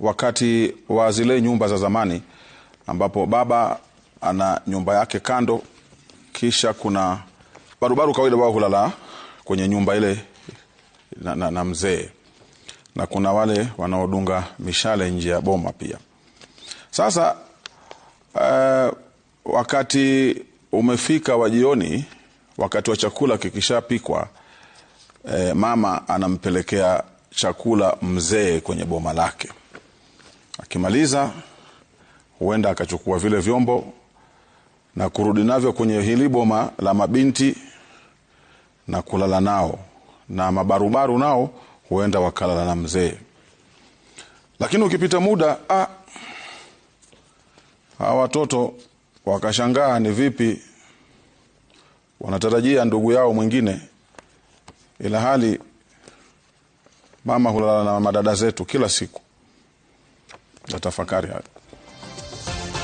wakati wa zile nyumba za zamani ambapo baba ana nyumba yake kando, kisha kuna barubaru kawaida wao hulala kwenye nyumba ile na, na, na mzee na kuna wale wanaodunga mishale nje ya boma pia. Sasa uh, wakati umefika wa jioni, wakati wa chakula kikishapikwa, eh, mama anampelekea chakula mzee kwenye boma lake. Akimaliza huenda akachukua vile vyombo na kurudi navyo kwenye hili boma la mabinti na kulala nao, na mabarubaru nao huenda wakalala na mzee. Lakini ukipita muda, ah, hawa watoto wakashangaa ni vipi wanatarajia ndugu yao mwingine, ila hali Mama hulala na madada zetu kila siku, natafakari hayo.